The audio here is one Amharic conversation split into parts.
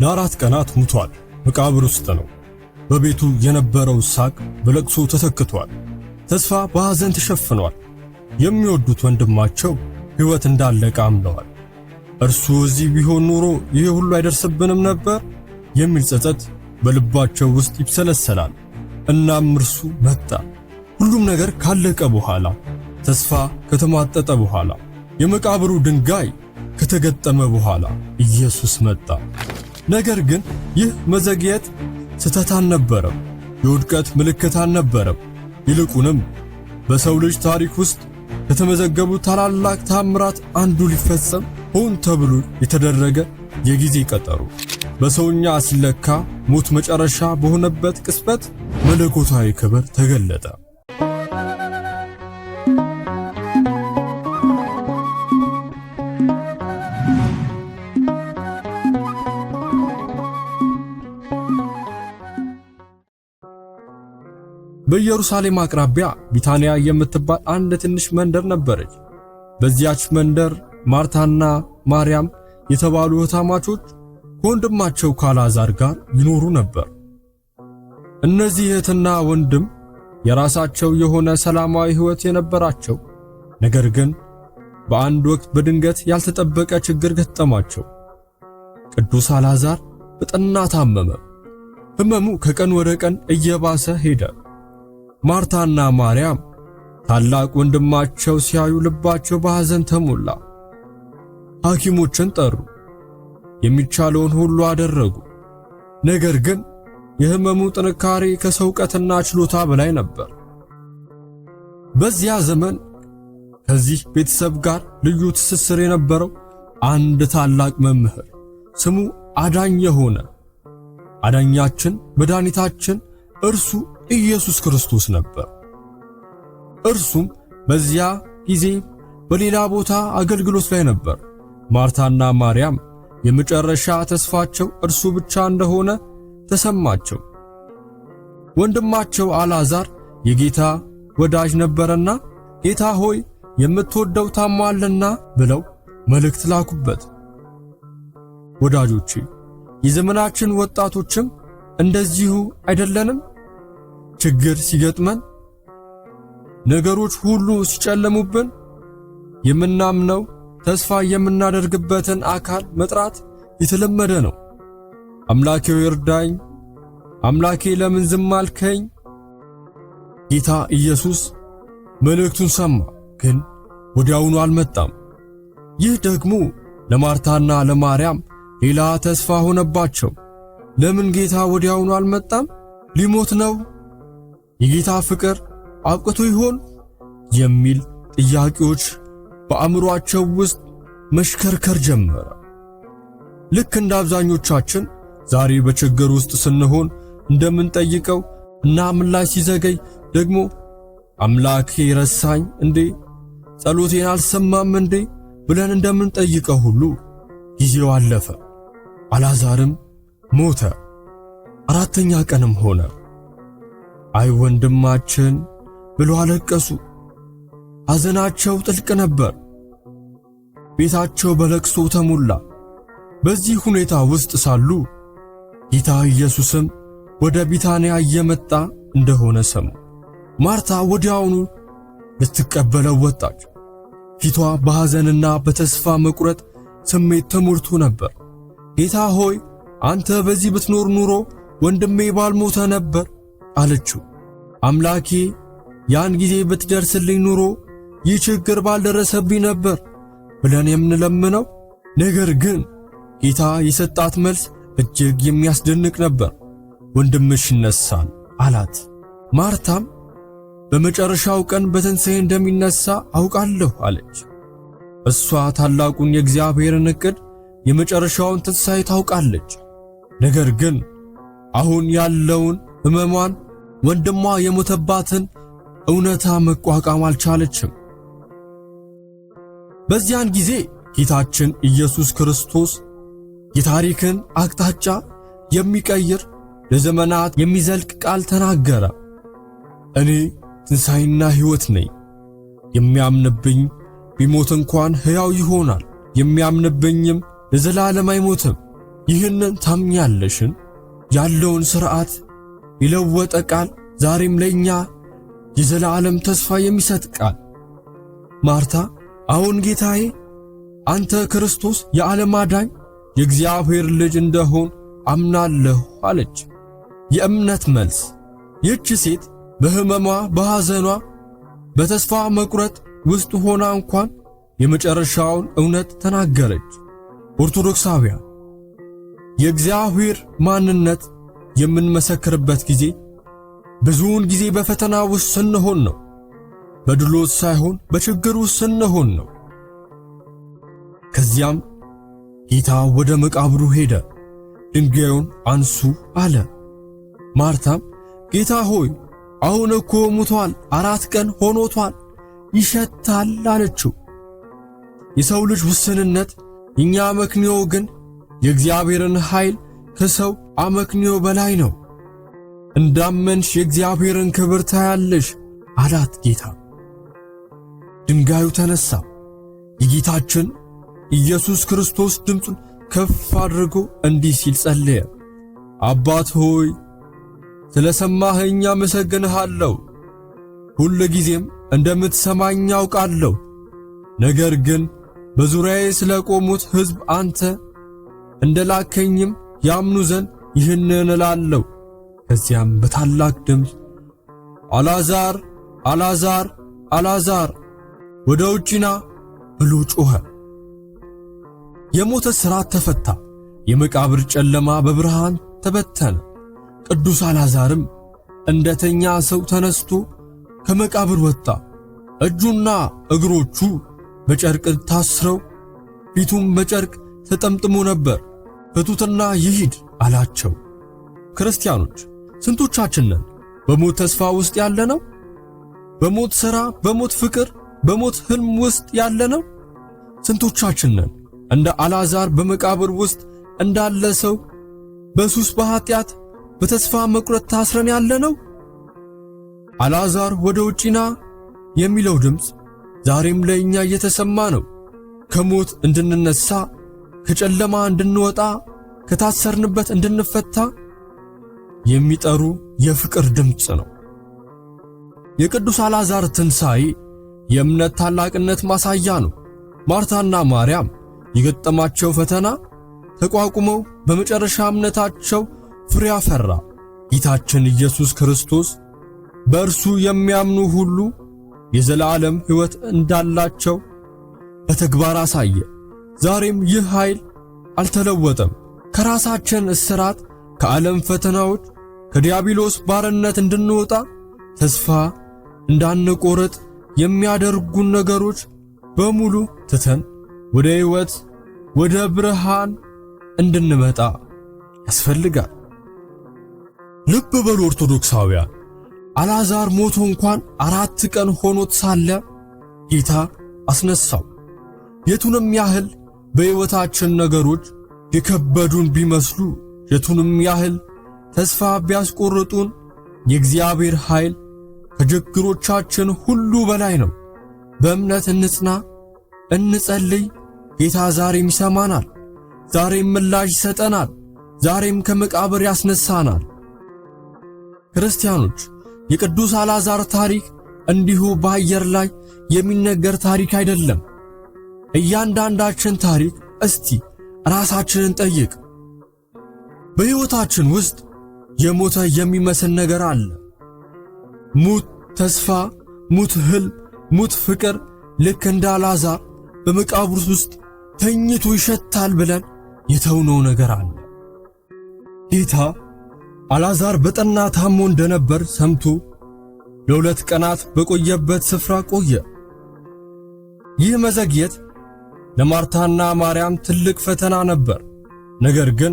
ለአራት ቀናት ሙቷል። መቃብር ውስጥ ነው። በቤቱ የነበረው ሳቅ በለቅሶ ተተክቷል። ተስፋ በሐዘን ተሸፍኗል። የሚወዱት ወንድማቸው ሕይወት እንዳለቀ አምነዋል። እርሱ እዚህ ቢሆን ኑሮ ይሄ ሁሉ አይደርስብንም ነበር የሚል ጸጸት በልባቸው ውስጥ ይብሰለሰላል። እናም እርሱ መጣ። ሁሉም ነገር ካለቀ በኋላ፣ ተስፋ ከተማጠጠ በኋላ፣ የመቃብሩ ድንጋይ ከተገጠመ በኋላ ኢየሱስ መጣ። ነገር ግን ይህ መዘግየት ስተት አልነበረም፣ የውድቀት ምልክት አልነበረም። ይልቁንም በሰው ልጅ ታሪክ ውስጥ ከተመዘገቡ ታላላቅ ታምራት አንዱ ሊፈጸም ሆን ተብሎ የተደረገ የጊዜ ቀጠሩ በሰውኛ ሲለካ ሞት መጨረሻ በሆነበት ቅስበት መለኮታዊ ክብር ተገለጠ። በኢየሩሳሌም አቅራቢያ ቢታንያ የምትባል አንድ ትንሽ መንደር ነበረች። በዚያች መንደር ማርታና ማርያም የተባሉ እህታማቾች ከወንድማቸው ካላዛር ጋር ይኖሩ ነበር። እነዚህ እህትና ወንድም የራሳቸው የሆነ ሰላማዊ ሕይወት የነበራቸው፣ ነገር ግን በአንድ ወቅት በድንገት ያልተጠበቀ ችግር ገጠማቸው። ቅዱስ አላዛር በጠና ታመመ። ሕመሙ ከቀን ወደ ቀን እየባሰ ሄደ። ማርታና ማርያም ታላቅ ወንድማቸው ሲያዩ ልባቸው በሐዘን ተሞላ። ሐኪሞችን ጠሩ፣ የሚቻለውን ሁሉ አደረጉ። ነገር ግን የህመሙ ጥንካሬ ከሰው ዕውቀትና ችሎታ በላይ ነበር። በዚያ ዘመን ከዚህ ቤተሰብ ጋር ልዩ ትስስር የነበረው አንድ ታላቅ መምህር ስሙ አዳኝ የሆነ አዳኛችን መድኃኒታችን እርሱ ኢየሱስ ክርስቶስ ነበር። እርሱም በዚያ ጊዜ በሌላ ቦታ አገልግሎት ላይ ነበር። ማርታና ማርያም የመጨረሻ ተስፋቸው እርሱ ብቻ እንደሆነ ተሰማቸው። ወንድማቸው አልዓዛር የጌታ ወዳጅ ነበረና ጌታ ሆይ የምትወደው ታሟልና ብለው መልእክት ላኩበት። ወዳጆቼ የዘመናችን ወጣቶችም እንደዚሁ አይደለንም? ችግር ሲገጥመን፣ ነገሮች ሁሉ ሲጨለሙብን የምናምነው ተስፋ የምናደርግበትን አካል መጥራት የተለመደ ነው። አምላኬው ይርዳኝ፣ አምላኬ ለምን ዝም አልከኝ? ጌታ ኢየሱስ መልእክቱን ሰማ፣ ግን ወዲያውኑ አልመጣም። ይህ ደግሞ ለማርታና ለማርያም ሌላ ተስፋ ሆነባቸው። ለምን ጌታ ወዲያውኑ አልመጣም? ሊሞት ነው የጌታ ፍቅር አብቅቶ ይሆን የሚል ጥያቄዎች በአእምሯቸው ውስጥ መሽከርከር ጀመረ። ልክ እንደ አብዛኞቻችን ዛሬ በችግር ውስጥ ስንሆን እንደምንጠይቀው እና ምላሽ ሲዘገይ ደግሞ አምላኬ ረሳኝ እንዴ ጸሎቴን አልሰማም እንዴ ብለን እንደምንጠይቀው ሁሉ ጊዜው አለፈ። አላዛርም ሞተ። አራተኛ ቀንም ሆነ። አይ ወንድማችን ብሎ አለቀሱ። ሐዘናቸው ጥልቅ ነበር። ቤታቸው በለቅሶ ተሞላ። በዚህ ሁኔታ ውስጥ ሳሉ ጌታ ኢየሱስም ወደ ቢታንያ እየመጣ እንደሆነ ሰሙ። ማርታ ወዲያውኑ ልትቀበለው ወጣች። ፊቷ በሐዘንና በተስፋ መቁረጥ ስሜት ተሞልቶ ነበር። ጌታ ሆይ አንተ በዚህ ብትኖር ኑሮ ወንድሜ ባልሞተ ነበር አለችው። አምላኬ ያን ጊዜ ብትደርስልኝ ኑሮ ይህ ችግር ባልደረሰብኝ ነበር ብለን የምንለምነው። ነገር ግን ጌታ የሰጣት መልስ እጅግ የሚያስደንቅ ነበር። ወንድምሽ ይነሳል አላት። ማርታም በመጨረሻው ቀን በትንሣኤ እንደሚነሳ አውቃለሁ አለች። እሷ ታላቁን የእግዚአብሔርን ዕቅድ የመጨረሻውን ትንሣኤ ታውቃለች። ነገር ግን አሁን ያለውን ህመሟን ወንድሟ የሞተባትን እውነታ መቋቋም አልቻለችም። በዚያን ጊዜ ጌታችን ኢየሱስ ክርስቶስ የታሪክን አቅጣጫ የሚቀይር ለዘመናት የሚዘልቅ ቃል ተናገረ። እኔ ትንሣኤና ሕይወት ነኝ፣ የሚያምንብኝ ቢሞት እንኳን ሕያው ይሆናል፣ የሚያምንብኝም ለዘላለም አይሞትም። ይህንን ታምኛለሽን? ያለውን ሥርዓት የለወጠ ቃል ዛሬም ለእኛ የዘላለም ተስፋ የሚሰጥ ቃል። ማርታ አሁን ጌታዬ፣ አንተ ክርስቶስ የዓለም አዳኝ የእግዚአብሔር ልጅ እንደሆን አምናለሁ አለች። የእምነት መልስ። ይህች ሴት በሕመሟ በሐዘኗ በተስፋ መቁረጥ ውስጥ ሆና እንኳን የመጨረሻውን እውነት ተናገረች። ኦርቶዶክሳውያን የእግዚአብሔር ማንነት የምንመሰክርበት ጊዜ ብዙውን ጊዜ በፈተና ውስጥ ስንሆን ነው። በድሎት ሳይሆን በችግር ውስጥ ስንሆን ነው። ከዚያም ጌታ ወደ መቃብሩ ሄደ፣ ድንጋዩን አንሱ አለ። ማርታም ጌታ ሆይ አሁን እኮ ሙቷል፣ አራት ቀን ሆኖቷል፣ ይሸታል አለችው። የሰው ልጅ ውስንነት፣ እኛ መክንዮ ግን የእግዚአብሔርን ኃይል ከሰው አመክንዮ በላይ ነው። እንዳመንሽ የእግዚአብሔርን ክብር ታያለሽ አላት ጌታ። ድንጋዩ ተነሳ። የጌታችን ኢየሱስ ክርስቶስ ድምፁን ከፍ አድርጎ እንዲህ ሲል ጸለየ፣ አባት ሆይ ስለ ሰማኸኝ አመሰግንሃለሁ። ሁል ጊዜም እንደምትሰማኝ አውቃለሁ። ነገር ግን በዙሪያዬ ስለ ቆሙት ሕዝብ አንተ እንደላከኝም ያምኑ ዘንድ ይህንን እላለሁ። ከዚያም በታላቅ ድምፅ አላዛር አላዛር አላዛር ወደ ውጪና ብሎ ጮኸ። የሞተ ሥርዓት ተፈታ። የመቃብር ጨለማ በብርሃን ተበተነ። ቅዱስ አላዛርም እንደተኛ ሰው ተነስቶ ከመቃብር ወጣ። እጁና እግሮቹ በጨርቅ ታስረው ፊቱም በጨርቅ ተጠምጥሞ ነበር። ፍቱትና ይሂድ አላቸው። ክርስቲያኖች ስንቶቻችን ነን በሞት ተስፋ ውስጥ ያለ ነው። በሞት ሥራ፣ በሞት ፍቅር፣ በሞት ህልም ውስጥ ነው? ስንቶቻችን ነን እንደ አላዛር በመቃብር ውስጥ እንዳለ ሰው በሱስ በኃጢአት በተስፋ መቁረጥ ታስረን ያለ ነው። አላዛር ወደ ውጪ ና የሚለው ድምፅ ዛሬም ለእኛ እየተሰማ ነው። ከሞት እንድንነሳ ከጨለማ እንድንወጣ ከታሰርንበት እንድንፈታ የሚጠሩ የፍቅር ድምፅ ነው። የቅዱስ አልዓዛር ትንሣኤ የእምነት ታላቅነት ማሳያ ነው። ማርታና ማርያም የገጠማቸው ፈተና ተቋቁመው በመጨረሻ እምነታቸው ፍሬ አፈራ። ጌታችን ኢየሱስ ክርስቶስ በእርሱ የሚያምኑ ሁሉ የዘላለም ሕይወት እንዳላቸው በተግባር አሳየ። ዛሬም ይህ ኃይል አልተለወጠም። ከራሳችን እስራት፣ ከዓለም ፈተናዎች፣ ከዲያብሎስ ባርነት እንድንወጣ ተስፋ እንዳንቆርጥ የሚያደርጉን ነገሮች በሙሉ ትተን ወደ ሕይወት ወደ ብርሃን እንድንመጣ ያስፈልጋል። ልብ በሉ ኦርቶዶክሳውያን፣ አልዓዛር ሞቶ እንኳን አራት ቀን ሆኖት ሳለ ጌታ አስነሳው። የቱንም ያህል በሕይወታችን ነገሮች የከበዱን ቢመስሉ የቱንም ያህል ተስፋ ቢያስቆርጡን የእግዚአብሔር ኃይል ከችግሮቻችን ሁሉ በላይ ነው። በእምነት እንጽና፣ እንጸልይ። ጌታ ዛሬም ይሰማናል፣ ዛሬም ምላሽ ይሰጠናል፣ ዛሬም ከመቃብር ያስነሳናል። ክርስቲያኖች፣ የቅዱስ አልዓዛር ታሪክ እንዲሁ በአየር ላይ የሚነገር ታሪክ አይደለም። እያንዳንዳችን ታሪክ እስቲ ራሳችንን ጠይቅ። በሕይወታችን ውስጥ የሞተ የሚመስል ነገር አለ። ሙት ተስፋ፣ ሙት ሕልም፣ ሙት ፍቅር ልክ እንደ አላዛር በመቃብር ውስጥ ተኝቶ ይሸታል ብለን የተውነው ነገር አለ። ጌታ አላዛር በጠና ታሞ እንደነበር ሰምቶ ለሁለት ቀናት በቆየበት ስፍራ ቆየ። ይህ መዘግየት ለማርታና ማርያም ትልቅ ፈተና ነበር። ነገር ግን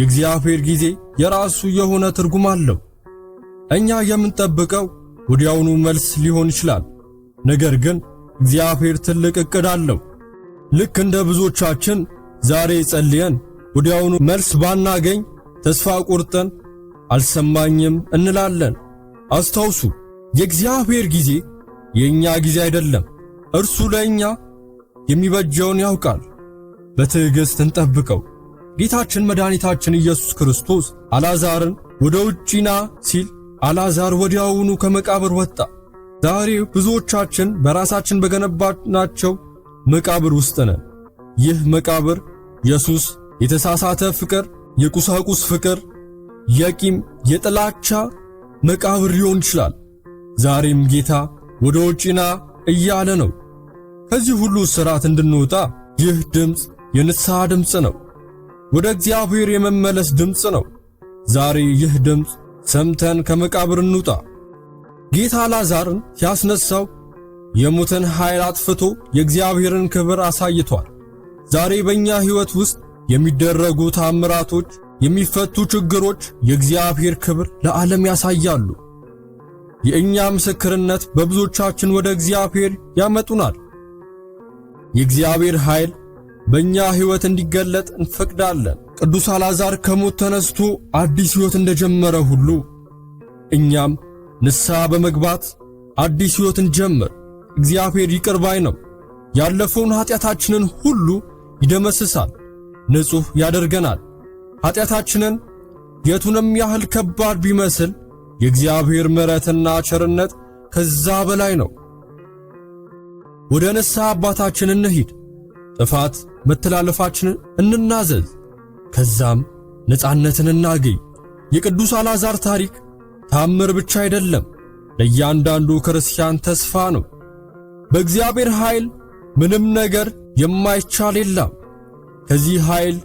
የእግዚአብሔር ጊዜ የራሱ የሆነ ትርጉም አለው። እኛ የምንጠብቀው ወዲያውኑ መልስ ሊሆን ይችላል። ነገር ግን እግዚአብሔር ትልቅ እቅድ አለው። ልክ እንደ ብዙዎቻችን ዛሬ ጸልየን ወዲያውኑ መልስ ባናገኝ ተስፋ ቆርጠን አልሰማኝም እንላለን። አስታውሱ፣ የእግዚአብሔር ጊዜ የእኛ ጊዜ አይደለም። እርሱ ለእኛ የሚበጀውን ያውቃል። በትዕግሥት እንጠብቀው። ጌታችን መድኃኒታችን ኢየሱስ ክርስቶስ አልዓዛርን ወደ ውጪ ና ሲል አልዓዛር ወዲያውኑ ከመቃብር ወጣ። ዛሬ ብዙዎቻችን በራሳችን በገነባናቸው መቃብር ውስጥ ነን። ይህ መቃብር ኢየሱስ የተሳሳተ ፍቅር፣ የቁሳቁስ ፍቅር፣ የቂም የጥላቻ መቃብር ሊሆን ይችላል። ዛሬም ጌታ ወደ ውጪና እያለ ነው። ከዚህ ሁሉ ሥርዓት እንድንወጣ ይህ ድምፅ የንስሐ ድምፅ ነው። ወደ እግዚአብሔር የመመለስ ድምፅ ነው። ዛሬ ይህ ድምፅ ሰምተን ከመቃብር እንውጣ። ጌታ ላዛርን ሲያስነሳው የሙትን ኃይል አጥፍቶ የእግዚአብሔርን ክብር አሳይቷል። ዛሬ በእኛ ሕይወት ውስጥ የሚደረጉ ታምራቶች፣ የሚፈቱ ችግሮች የእግዚአብሔር ክብር ለዓለም ያሳያሉ። የእኛ ምስክርነት በብዙዎቻችን ወደ እግዚአብሔር ያመጡናል። የእግዚአብሔር ኃይል በእኛ ሕይወት እንዲገለጥ እንፈቅዳለን። ቅዱስ አልዓዛር ከሞት ተነስቶ አዲስ ሕይወት እንደጀመረ ሁሉ እኛም ንስሐ በመግባት አዲስ ሕይወት ጀምር። እግዚአብሔር ይቅር ባይ ነው። ያለፈውን ኀጢአታችንን ሁሉ ይደመስሳል፣ ንጹሕ ያደርገናል። ኀጢአታችንን የቱንም ያህል ከባድ ቢመስል የእግዚአብሔር ምሕረትና ቸርነት ከዛ በላይ ነው። ወደ ንስሐ አባታችን እንሂድ፣ ጥፋት መተላለፋችንን እንናዘዝ፣ ከዛም ነፃነትን እናገኝ። የቅዱስ አልዓዛር ታሪክ ታምር ብቻ አይደለም፣ ለእያንዳንዱ ክርስቲያን ተስፋ ነው። በእግዚአብሔር ኃይል ምንም ነገር የማይቻል የለም። ከዚህ ኃይል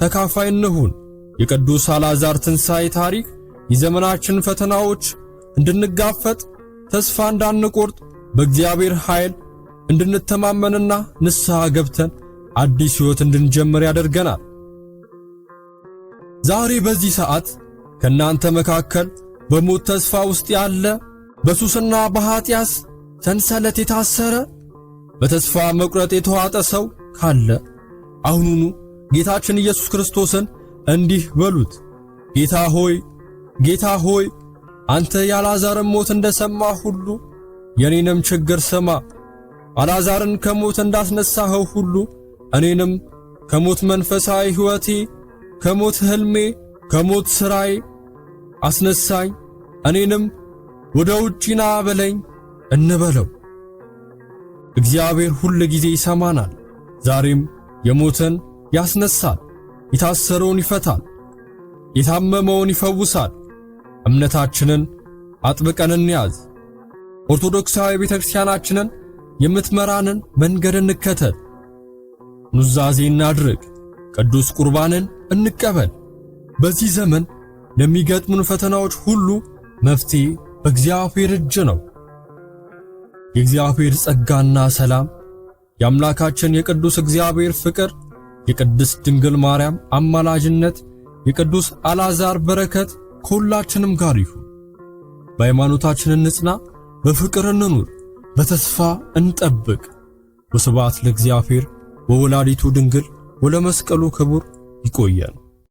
ተካፋይ እንሁን። የቅዱስ አልዓዛር ትንሣኤ ታሪክ የዘመናችን ፈተናዎች እንድንጋፈጥ ተስፋ እንዳንቆርጥ በእግዚአብሔር ኃይል እንድንተማመንና ንስሐ ገብተን አዲስ ሕይወት እንድንጀምር ያደርገናል። ዛሬ በዚህ ሰዓት ከእናንተ መካከል በሞት ተስፋ ውስጥ ያለ፣ በሱስና በኀጢአስ ሰንሰለት የታሰረ፣ በተስፋ መቁረጥ የተዋጠ ሰው ካለ አሁኑኑ ጌታችን ኢየሱስ ክርስቶስን እንዲህ በሉት። ጌታ ሆይ፣ ጌታ ሆይ፣ አንተ የአልዓዛርን ሞት እንደሰማ ሁሉ የኔንም ችግር ስማ አልዓዛርን ከሞት እንዳስነሳኸው ሁሉ እኔንም ከሞት መንፈሳዊ ሕይወቴ፣ ከሞት ሕልሜ፣ ከሞት ሥራዬ አስነሳኝ። እኔንም ወደ ውጪ ና በለኝ እንበለው። እግዚአብሔር ሁል ጊዜ ይሰማናል። ዛሬም የሞተን ያስነሳል፣ የታሰረውን ይፈታል፣ የታመመውን ይፈውሳል። እምነታችንን አጥብቀን እንያዝ። ኦርቶዶክሳዊ ቤተክርስቲያናችንን የምትመራንን መንገድ እንከተል። ኑዛዜ እናድርግ። ቅዱስ ቁርባንን እንቀበል። በዚህ ዘመን ለሚገጥሙን ፈተናዎች ሁሉ መፍትሄ በእግዚአብሔር እጅ ነው። የእግዚአብሔር ጸጋና ሰላም፣ የአምላካችን የቅዱስ እግዚአብሔር ፍቅር፣ የቅድስ ድንግል ማርያም አማላጅነት፣ የቅዱስ አልዓዛር በረከት ከሁላችንም ጋር ይሁን። በሃይማኖታችን እንጽና፣ በፍቅር እንኑር። በተስፋ እንጠብቅ። ወስብሐት ለእግዚአብሔር ወወላዲቱ ድንግል ወለመስቀሉ ክቡር። ይቆየን።